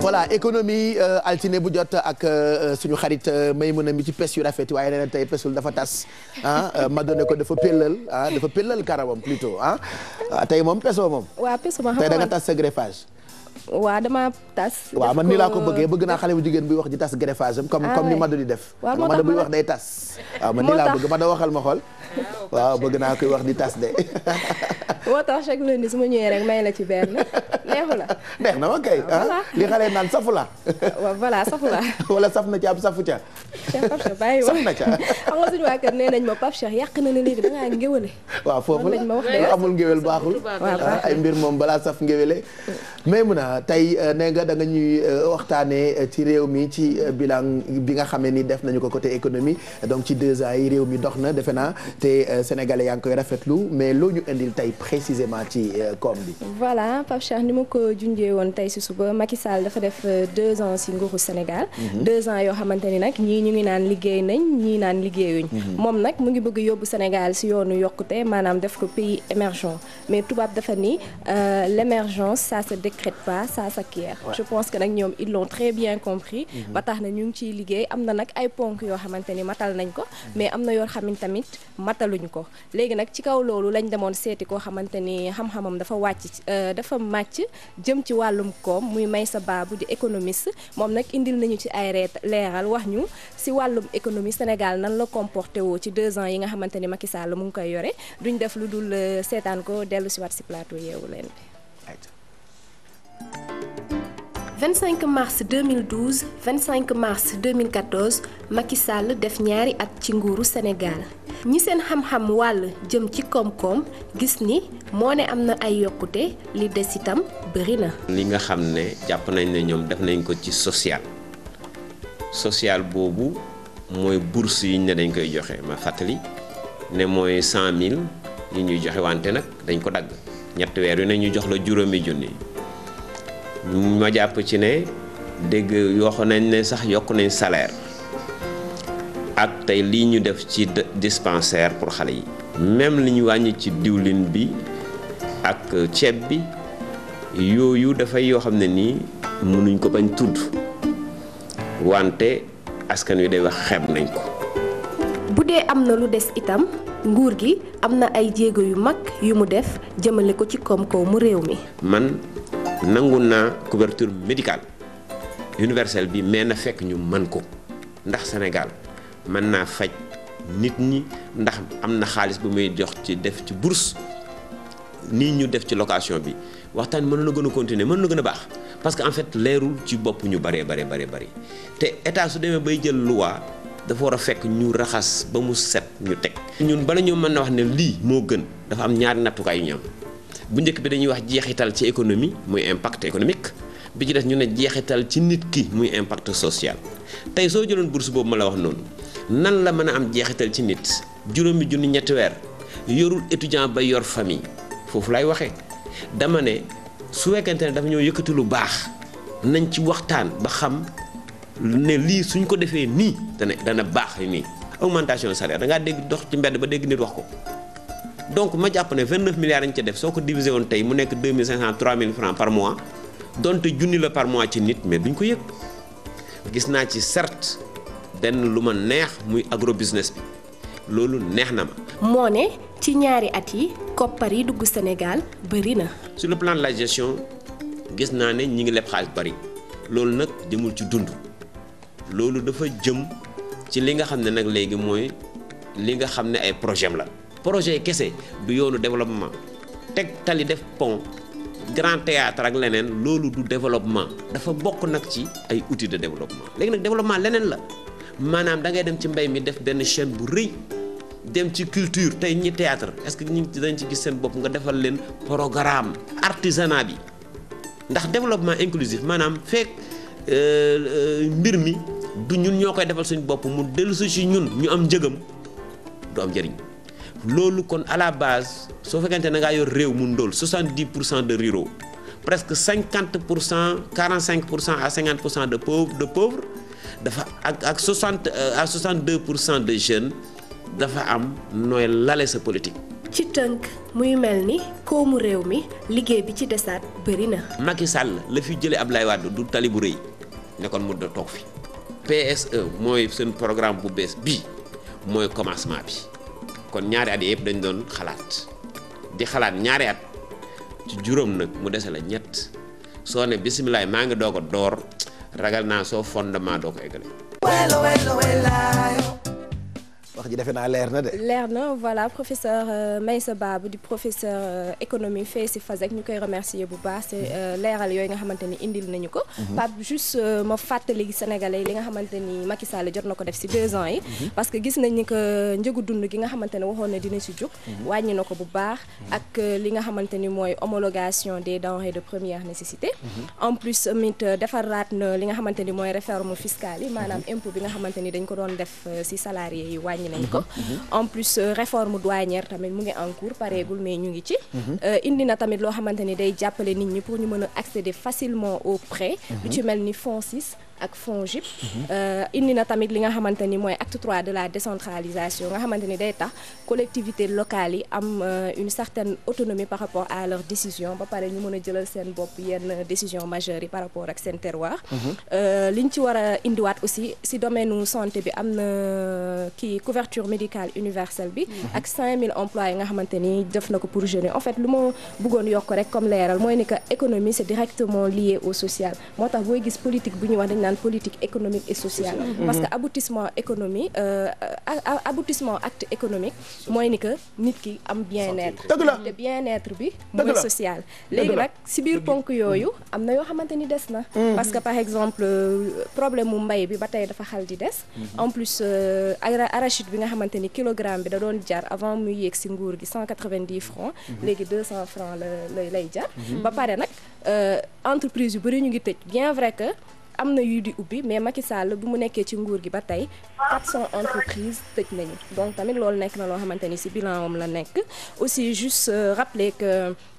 voilà économie euh, altine bu jot ak euh, euh, suñu xarit Maymuna mi ci pes yu rafet yi waaye nee na tey pesul dafa tas ah ma doone ko dafa pellal ah dafa pellal karawam plutôt ah, ah tey moom pesoo moom. waaw pesu ma xam tey tas sa greffage. waaw dama tas. waaw ma nii laa ko bëggee bëgg naa xale bu jigéen buy wax di tas greffage kom comme comme ni ah Madou di def. waaw moo tax buy wax day tas. waaw man nii laa bëgg Madou waxal ma xool. waaw bëgg naa koy wax di tas de. moo tax chaque lundi su ma ñëwee rek may la ci benn. neexu eh, la neex na ma kay ah, ah li xale naan safu la waaw voilà safu la wala saf na ca ab safu ca Pape Cheikh bàyyi saf na ca xam nga suñu waa kër nee nañ ma Pape Cheikh yàq na ne léegi da ngaa ngéwale waaw foofu la lu amul ngéwél baaxul ay mbir moom balaa saf ngéwéle mais mun a tey euh, nee nga da nga ñuy euh, waxtaanee euh, ci réew mi ci bilan bi nga xamee ni def nañu ko côté économie donc ci deux ans yi réew mi dox na defe naa te sénégalais yaa ngi koy rafetlu mais loo ñu indil tey précisément ci koom bi voilà Pape Cheikh ma ko junjee woon tey si suba Macky Sall dafa def euh, deux ans si nguuru Sénégal. Mhm. deux ans yoo xamante ni nag ñii ñu ngi naan liggéey nañ ñii naan liggéeyuñ. Mhm. moom nag mu ngi bëgg yóbbu Sénégal si yoonu yokkute maanaam def ko pays émergent mais tubaab dafa ni euh, l' émergence ça se pa pas ça s'acquiert. je pense que nag ñoom ils très bien compris. Mhm. ba tax na ñu ngi ciy liggéey am na nag ay ponk yoo xamante ni matal nañ ko mais am na yoo xam tamit mataluñ ko léegi nag ci kaw loolu lañ demoon seeti koo xam-xamam dafa jëm ci wàllum koom muy may sa baabu di économiste moom nag indil nañu ci ay reet leeral wax ñu si wàllum économie Sénégal nan la comporté woo ci deux ans yi nga xamante ni Macky Sall mu ngi koy yore duñ def lu dul euh, seetaan ko dellu si waat si plateau yeewu leen bi 25 mars 2012 25 mars 2014 Macky Sall def ñaari at ci nguuru Sénégal ñi seen xam-xam wàll jëm ci koom-koom gis ni moo ne am na ay yokkute li des itam bëri na. li nga xam ne jàpp nañ ne ñoom def nañ ko ci social social boobu mooy bourse yi ñu ne dañ koy joxe ma fàttali ne mooy cent mille yi ñuy joxe wante nag dañ ko dagg ñetti weer yu ne ñu jox la juróomi junni ma jàpp ci ne dégg yoxo nañ ne sax yokk nañ salaire. ak tey lii ñu def ci dispensaire pour xale yi même li ñu wàññi ci diwlin bi ak ceeb bi yooyu dafay yoo xam ne nii mënuñ ko bañ tudd wante askan wi day wax xem nañ ko bu dee am na lu des itam nguur gi am na ay jéego yu mag yu mu def jëmale ko ci koom-koomu réew mi man nangu naa couverture médicale universelle bi mais na fekk ñu mën ko ndax senegal mën naa faj nit ñi ndax am na xaalis bu muy jox ci def ci bourse nii ñu def ci location bi waxtaan mën na gën a continuer mën na gën a baax parce que en fait leerul ci boppu ñu baree bare bare bëri te état su demee bay jël loi dafa war a fekk ñu raxas ba mu set ñu teg. ñun bala ñu mën na wax ne lii moo gën dafa am ñaari nattukaay yu ñu bu njëkk bi dañuy wax jeexital ci économie muy impact économique bi ci def ñu ne jeexital ci nit ki muy impact social tey soo jëloon bourse boobu ma la wax noonu. nan la mën a am jeexital ci nit juróomi junni ñetti weer yorul étudiant ba yor famille foofu lay waxee dama ne su fekkente ne dafa ñoo yëkkati lu baax nañ ci waxtaan ba xam ne lii suñ ko defee nii dana dana baax nii augmentation salaire da ngaa dégg dox ci mbedd ba dégg nit wax ko donc ma jàpp ne 29 milliards lañ ca def soo ko divisé woon tey mu nekk mil 3000 francs par mois donte junni la par mois ci nit mais duñ ko yëg gis naa ci certes benn lu ma neex muy agro business bi loolu neex na ma. moo ne ci ñaari at yi koppar yi dugg Sénégal bëri na. sur le plan de la gestion gis naa ne ñi ngi leb xaalis bëri loolu nag jëmul ci dund loolu dafa jëm ci li nga xam ne nag léegi mooy li nga xam ne ay projet am la. projet yi kese du yoonu développement teg tali def pont grand théâtre ak leneen loolu du développement dafa bokk nag ci ay uti de développement léegi nag développement leneen la. maanaam da ngay dem ci mbay mi def benn chaîne bu rëy dem ci culture tey ñi théâtre est-ce que ñi dañ ci gis seen bopp nga defal leen programme artisanat bi ndax développement inclusif maanaam fekk euh, euh, mbir mi du ñun ñoo koy defal suñu bopp mu dellusi ci ñun ñu am njëgam du am njëriñ loolu kon à la base soo fekkente ne ngaa yor réew mu ndóol 70 pour cent de ruraux presque cinquante pour cent 45 pour cent à 50 pour cent de pauvres de pauvres dafa ak ak 60 euh, à 62 pour cent de jeunes dafa am nooy lale sa politique. ci tënk muy mel ni koomu réew mi liggéey bi ci desaat bëri na. Macky Sall la fi jëlee Abdoulaye Wade du tali bu rëy nekkoon mu da toog fi PSE mooy seen programme bu bees bii mooy commencement bi kon ñaari at yëpp dañ doon xalaat di xalaat ñaari at ci juróom nag mu dese la ñett soo ne bisimilah maa ngi doog ko door ragal naa soo fondement doo ko eggale wax ji defe naa leer na de. leer na voilà professeur euh, Meissa Babou di professeur euh, économie fee si FASEG koy remercier bu baax si mhm. euh, leeral yooyu nga xamante ni indil nañu ko. Mhm. Pape juste ma fàttali yi li nga xamante ni Macky Sall jot na ko def si deux ans yi. Mhm. parce que gis nañ ni que njëgu dund gi nga xamante ne waxoon na dina si jóg. wàññi na ko bu baax. ak li nga xamante ni mooy homologation des denrées de première nécessité. en plus tamit defaraat na li nga xamante ni ni dañ ko doon def si salarié yi wàññi nañ ko mhm. Mhm. en plus euh, réforme douanière tamit mu ngi en cours pareegul mais ñu ngi ci mhm. euh, indi na tamit loo xamante ni day jàppale nit ñi pour ñu mën a accéder facilement au prêt lu ci mel ni fonds 6 ak FONGIP. Euh, indi na tamit li nga xamante ni mooy acte trois de la décentralisation nga xamante ni day tax collectivité locale yi am euh, une certaine autonomie par rapport à leurs décision ba pare ñu mën a jëlal seen bopp yenn décision majeures yi par rapport ak seen terroir. Mhm. Euh, liñ ci war a indiwaat aussi si domaine santé bi am na kii couverture médicale universelle bi. Mhm. ak 5000 emplois yi nga xamante ni def na ko pour jeunes en fait lu ma bëggoon yokk rek comme leeral mooy ni que économie c'est directement naan politique économique et sociale parce que mhm. aboutissement économie euh, aboutissement acte économique mooy ni que nit ki am bien-être te bien-être bi mooy social léegi nag si biir ponk mhm. yooyu am na yoo xamante ni des na mhm. parce que par exemple euh, problème mu mbay bi ba tey dafa xal di des en plus euh, arachide bi nga xamante ni kilogramme bi da doon jar avant muy yéeg si nguur gi cent quatre-vingt-dix francs léegi deux cent francs la lay jar ba pare nag entreprise yu bëri ñu ngi tëj bien vrai que am na yu di ubbi mais Macky Sall bi mu nekkee ci nguur gi ba tey 400 entreprises tëj nañu donc tamit loolu nekk na loo xamante ni si bilan am la nekk aussi juste euh, rappeler que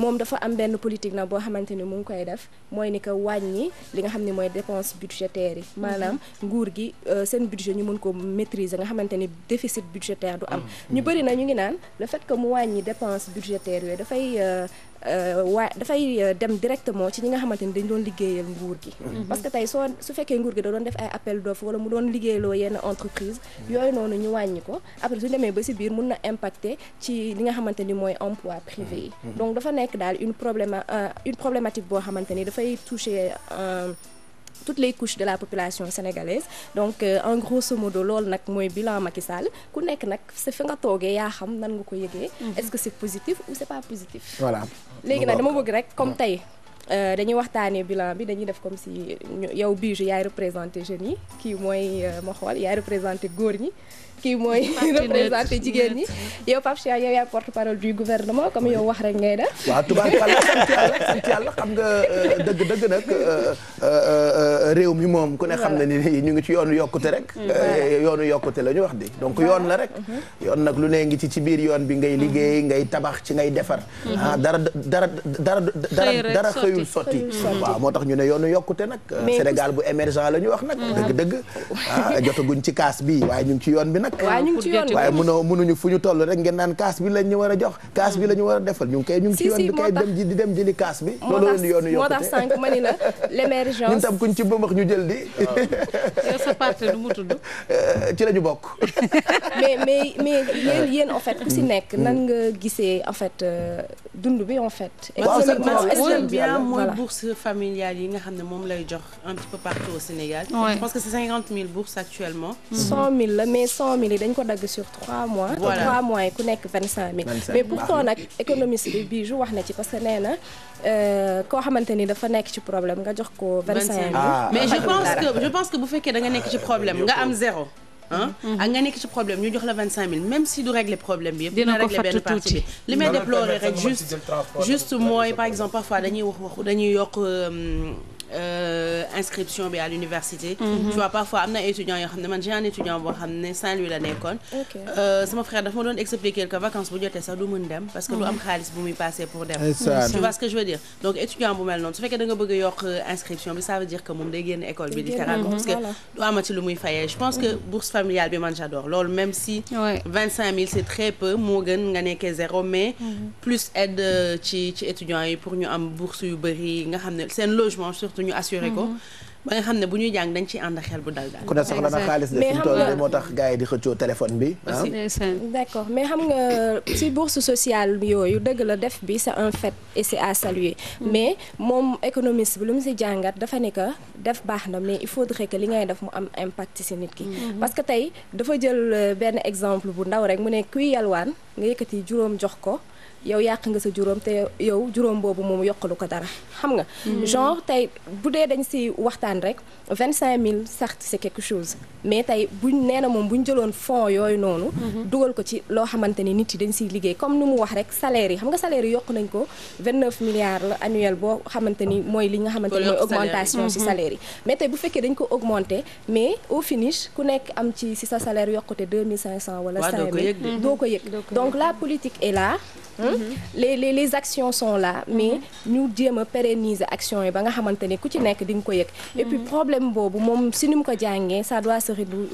moom dafa am benn politique na boo xamante ni mu ngi koy def mooy ni que wàññi li nga xam ne mooy dépense budgétaire yi maanaam nguur gi euh, seen budget ñu mën ko maîtriser nga xamante ni déficit budgétaire du am mm-hmm. ñu bëri na ñu ngi naan le fait que mu wàññi dépense budgétaire yooyu dafay euh, Euh, waa dafay euh, dem directement ci ñi nga xamante ni dañ doon liggéeyal nguur gi mhm. parce que tey soo su fekkee nguur gi da doon def ay appel d'offre wala mu doon liggéeyloo yenn entreprise mhm. yooyu noonu ñu wàññi ko après suñu demee ba si biir mun na impacter ci li nga xamante ni mooy emploi privé yi mhm. donc dafa nekk daal une problème euh, une problématique boo xamante ni dafay toucher toutes les couches de la population sénégalaise donc euh, en grosso modo lool nag mooy bilan Macky ku nekk nag sa fi nga toogee yaa xam nan nga ko yëgee. Mhm. est-ce que c'est positif ou c'est pas positif. voilà léegi nag dama bëgg rek comme tey. Euh, dañuy waxtaanee bilan bi dañuy def comme si yow Bijou yaay représenté jeunes yi kii mooy euh, ma xool yaay représenté góor ñi kii mooy représenté jigéen ñi yow Pape Cheikh yow yaay porte parole du gouvernement comme yow wax rek ngay def waa tubaarkàlla sant yàlla sant xam nga euh, dëgg dëgg nag réew mi moom ku ne xam na ni ñu ngi ci yoonu yokkute rek mm, yoonu yokkute la ñu wax di donc yoon la rek mm-hmm. yoon nag lu ne ngi ci ci biir yoon bi ngay liggéey mm-hmm. ngay tabax ci ngay defar mm-hmm. ah, dara dara dara dara xëyul sotti waaw moo tax ñu ne yoonu yokkute nag Sénégal bu émergent la ñu wax nag dëgg dëgg ah jotaguñ ci kaas bi waaye ñu ngi ci yoon bi nag waaye mënoo mënuñu fu ñu toll rek ngeen naan kaas bi lañ ñu a jox kaas bi la ñu war a defal ñu ngi koy ñu ngi ci yoon bi kay dem ji di dem jëli kaas bi loolu yoonu yokkute moo tax ma ni la l'émergence ñun tam kuñ ci bëmbax ñu jël di yow sa parti du eh, ci la bokk mais mais mais en fait ku si hmm. nekk nan nga gisee en fait euh, dund bi en fait mooy bourse familiale yi nga xam ne moom lay jox un petit peu partout au Sénégal. je pense que c'est cinquante mille bourses actuellement. Mm-hmm. cent mille la mais cent yi dañ ko dagg sur trois mois. voilà trois mois yi ku nekk vingt cinq mille. mais pourtant nag économiste bi bii wax na ci parce que nee na euh, koo xamante ni dafa nekk ci problème nga jox ko vingt cinq ah. mais je pense que bu fekkee da nga nekk ci problème nga am zéro. Mhm. ah ak nga nekk ci problème ñu jox la vingt cinq mille même si du régler problème bi yëpp dina régler benn partie bi li may déplorer rek juste juste mooy par exemple parfois dañuy wax wax dañuy yokk euh, Euh, inscription bi à l'université mhm. vois parfois am na étudiant yoo xam ne man j'ai un étudiant boo xam euh, frère dafa ma doon expliquer que vacances bu jotee sax du mën dem mhm. am xaalis bu muy passé pour dem je veux dire donc étudiant bu mel noonu su fekkee da nga bëgg a yokk euh, inscription bi ça veut dire que moom day génn école bi littéralement mhm, parce que du amati lu muy fayee je pense que bourse familiale bi man j'adore loolu même si vingt cinq mille c'est très ñu assuré ko. Mhm. ba nga xam ne bu ñuy jàng dañ ci ànd xel bu dal daal. ku ne soxla na xaalis de fi mu moo tax gars yi di xëccoo téléphone bi. Ah. aussi d'accord mais xam nga ci bourse sociale yooyu dëgg la def bi c'est un fait et c'est à saluer. Mm. mais moom économiste bi lu mu ci jàngat dafa ne que def baax na mais il faudrait que li ngay def mu am impact ci nit ki. Mm-hmm. parce que tey dafa jël euh, benn exemple bu ndaw rek mu ne kuy yalwaan nga yëkkati juróom jox ko. yow yàq nga sa juróom te yow juróom boobu moom yokkalu ko dara xam nga genre tey bu dee dañ si waxtaan rek vingt cinq mille sax c'est quelque chose mais tey buñ nee na moom buñ jëloon fonds yooyu noonu mhm. dugal ko ci loo xamante ni nit yi dañ siy liggéey comme nu mu wax rek salaire yi xam nga salaire yokk nañ ko vingt neuf milliards la annuel boo xamante ni mooy li nga xamante ni mooy augmentation si mhm. salaire yi mais tey bu fekkee dañ ko augmenter mais au finish ku nekk am ci si sa salaire yokkute deux mille cinq cent wala cinq mille doo ko yëg la politique est hmm? Mm-hmm. les les les actions sont là mm-hmm. mais ñu jéem a pérenniser action yi ba nga xamante ni ku ci nekk di nga ko yëg et mm-hmm. problème boobu moom si ni mu ko jàngee ça doit se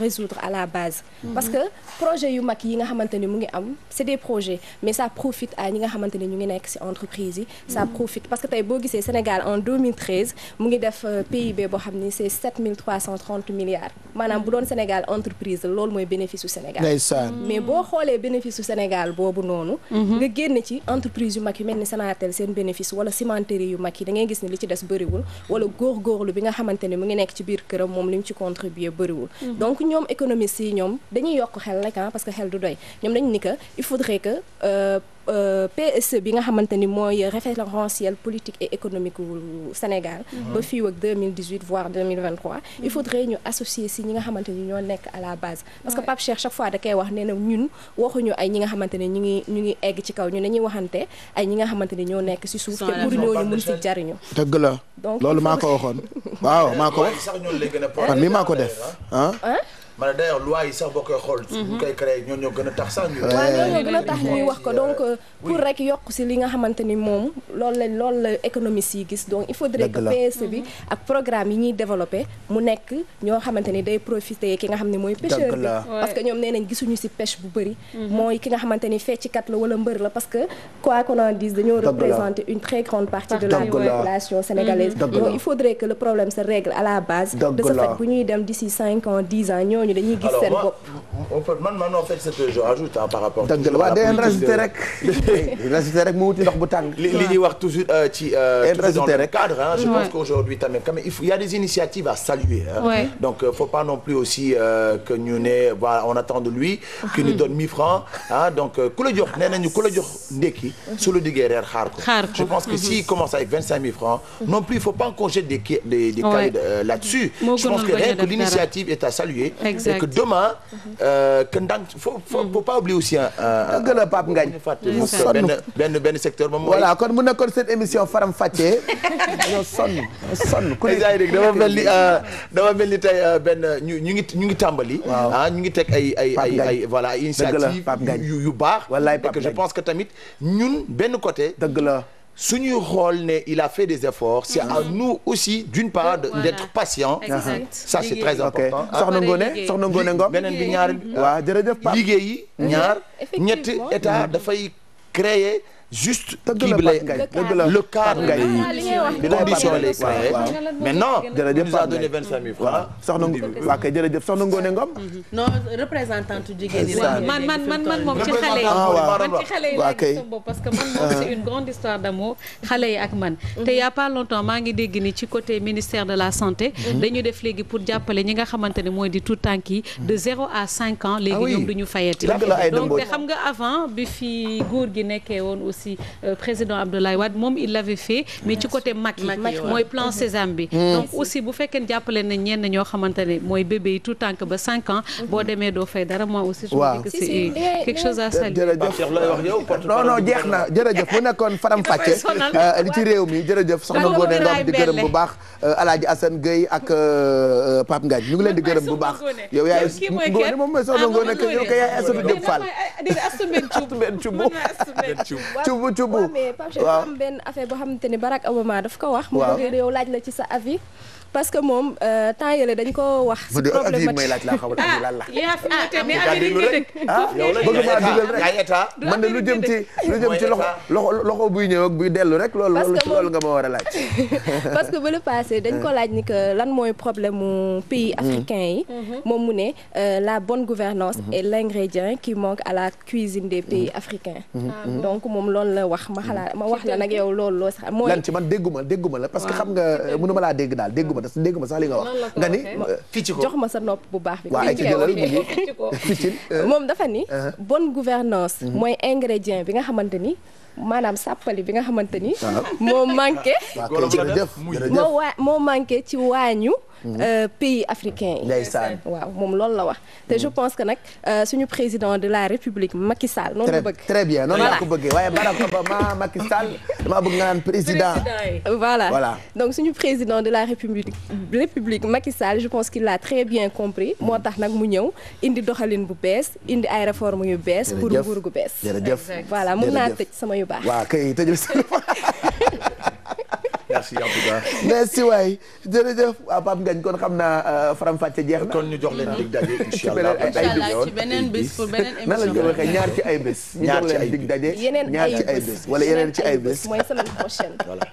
résoudre à la base parce que projet yu mag yi nga xamante ni mu ngi am c'est des projet mais ça profite à ñi nga xamante ni ñu ngi nekk ci entreprise yi ça profite parce que tey boo gisee Sénégal en 2013 mu ngi def euh, PIB boo xam ni c'est 7330 milliards maanaam bu doon Sénégal entreprise loolu mooy bénéfice su Sénégal mais boo xoolee bénéfice su Sénégal boobu noonu demee ci entreprise yu mag yu mel ni Sonatel seen bénéfice wala cimenterie yu mag yi da gis ne li ci des bëriwul wala góorgóorlu bi nga xamante ne mu ngi nekk ci biir këram moom li mu ci contribuer bëriwul mhm. donc ñoom économistes yi ñoom dañuy yokk xel rek ah xel du doy ñoom dañ ni que il faudrait que euh, Euh, PSE bi nga xamante ni mooy référentiel politique et économique wu Sénégal. Mhm. ba fii ak 2018 voire 2023. il mhm. faudrait ñu associer si ñi nga xamante ni ñoo nekk à la base. parce que Pape Cheikh chaque fois da koy wax nee ñun waxuñu ay ñi nga xamante ne ñu ngi ñu ngi egg ci kaw ñu ne ñuy waxante ay ñi nga xamante ni ñoo nekk si suuf. te pour ñooñu mun si jariñu. dëgg la loolu maa ko waxoon. waaw maa ko wax man mi maa ko def ma ne loi sax boo koy xool. Mhm. bu koy créé ñoo ñoo gën a tax sax ñuy wax ko donc pour rek yokk si li nga xamante ni moom lool la loolu la économistes yi gis donc il faudrait que PSE bi mhm. ak programme yi ñuy développé mu nekk ñoo xamante ni day profité ki nga xam ni mooy pêcheur bi parce que ñoom nee nañ gisuñu si pêche bu bëri. Mhm. mooy ki nga xamante ni feccikat la wala mbër la parce que quoi qu'on en dise dañoo représenter une très grande partie de la population sénégalaise que le problème ñooñu dañuy gis seen bopp. on peut man man en fait c'est que je rajoute par rapport. dëgg la waaw day rajouté rek. rajouté rek mu wuti ndox bu tàng. li li ñuy wax toujours euh, ci. Euh, toujours dans le cadre hein, je pense qu'aujourd'hui tamit quand même il faut il y a des initiatives à saluer. Hein. donc euh, faut pas non plus aussi que ñu ne voilà on attend de lui. qu'il nous ah. donne mille francs ah donc ku la jox nee nañu ku la jox ndékki. su la diggee reer xaar ko. je pense que s'il mhm. commence avec vingt cinq mille francs mhm. non plus il faut pas enconger des des des cahiers là-dessus. je pense que rien que l'initiative est à saluer. exact. et que demain. Euh, que ndànk faut faut mm-hmm. pas oublier aussi. gën euh, a Pape Ngagne mu mm-hmm. sonn benn benn secteur moom mooy. voilà kon mu nekkoon cette émission faram fàccee ñoo sonn sonn. ku ne dama mel ni euh, dama mel ni tey euh, benn ñu ñu ngi ñu ngi tàmbali. ah ñu ngi teg ay ay ay ay voilà initiative yu baax. wallaay Pape Ngagne et que je pense que tamit ñun benn côté. dëgg la. su ñuy xool ne il a fait des efforts. c'est à mhm. nous aussi d'une part d'être patient. ça c'est très important. soxna Ngone soxna Ngone Ngom beneen bi ñaar. waaw jërëjëf Pape liggéey yi. ñaar ñett état mhm. dafay créer. juste kii bi lay le cadre ngay condition lay créé mais non il nous a donné vingt soxna waa Ngom mm-hmm. non représentante jigéen yi man man moom ci xale yi ah, man ci xale yi laa gis parce que man moom c'est une grande histoire d'amour xale yi ak man mm-hmm. te y a longtemps maa ngi dégg ni ci côté ministère de la santé mm-hmm. dañu def léegi pour jàppale ñi nga xamante ne mooy di tout tànk yi de zéro à cinq ans léegi ah ñoom duñu fayati donc te xam nga avant bi fi góor gi nekkee woon si euh, président Abdoulaye Wade moom il l'avait fait mais ci côté Macky mooy plan mm-hmm. Sésame bi mm. donc aussi bu fekkeen jàppale nañ ñenn ñoo xamante ne mooy bébé yi tout tànk ba cinq ans mm-hmm. boo demee doo fay dara moi aussi je me dis que c'est quelque chose à saluer non non jeex na jërëjëf mu nekkoon faram fàcce euh, li ci réew mi jërëjëf soxna Ngoné Ngom di gërëm bu baax euh, Alaaji Assane gay ak Pape Ngagne ñu ngi leen di gërëm bu baax yow yaay Ngoné moom mooy soxna ah, Ngoné yow kay yaay Astou Diop cubu cubu waaw mais Pape Cheikh am benn affaire boo xamante ni Barack Obama daf ko wax. waaw mu laaj la ci sa avis. parce que moom euh, temps yële dañ ko wax. si problématique ah, ah, ah man de lu jëm ci lu jëm ci loxo loxo buy ñëw buy dellu rek. loolu loolu nga ma war a laaj. parce que ba le passé dañ ko laaj ni lan mooy problème mu pays mm. africain yi. Mm-hmm. moom mu ne euh, la bonne gouvernance mm-hmm. est l'ingrédient qui manque à la cuisine des pays mm-hmm. africains. Ah donc moom loolu la wax ma xalaat ma wax la nag yow loolu loo sax mooy. lan ci man dégguma dégguma la parce que xam nga euh, mënuma laa dégg daal déggu te dégg ma sax nga wax. nga ni ficc euh, ko jox ma sa nopp bu baax bi. ficc euh, moom dafa ni. Uh-huh. bonne gouvernance mm-hmm. mooy ingrédient bi nga xamante ni. maanaam sàppali bi nga xamante ni. moo manqué. ci moo manqué ci waañu. Euh, pays africain yi. ndeysaan waaw moom loolu la wax. te je mm. pense que nag euh, suñu président de la république Macky Sall. noonu la bëgg très bien noonu la ko bëggee waaye Barack Obama Macky Sall dama bëgg nga naan président. voilà voilà donc suñu président de la république république Macky Sall je pense qu'il l'a très bien compris mm. moo tax nag mu ñëw indi doxalin bu bees indi ay réformes yu bees. pour nguur gu bees. jërëjëf voilà mun naa tëj sama yu baax. waaw kay tëjul sama merci Abouba. merci waay jërëjëf ah, Pape Ngagne kon xam naa euh, faram fàcce jeex na. kon ñu jox leen dig daje incha allah. ci beneen bés pour beneen émission. nan la ñu ko waxee ñaar ci ay bés. ñaar ci ay bés ñu jox leen dig ci ay bés wala yeneen ci ay bés. mooy semaine prochaine. voilà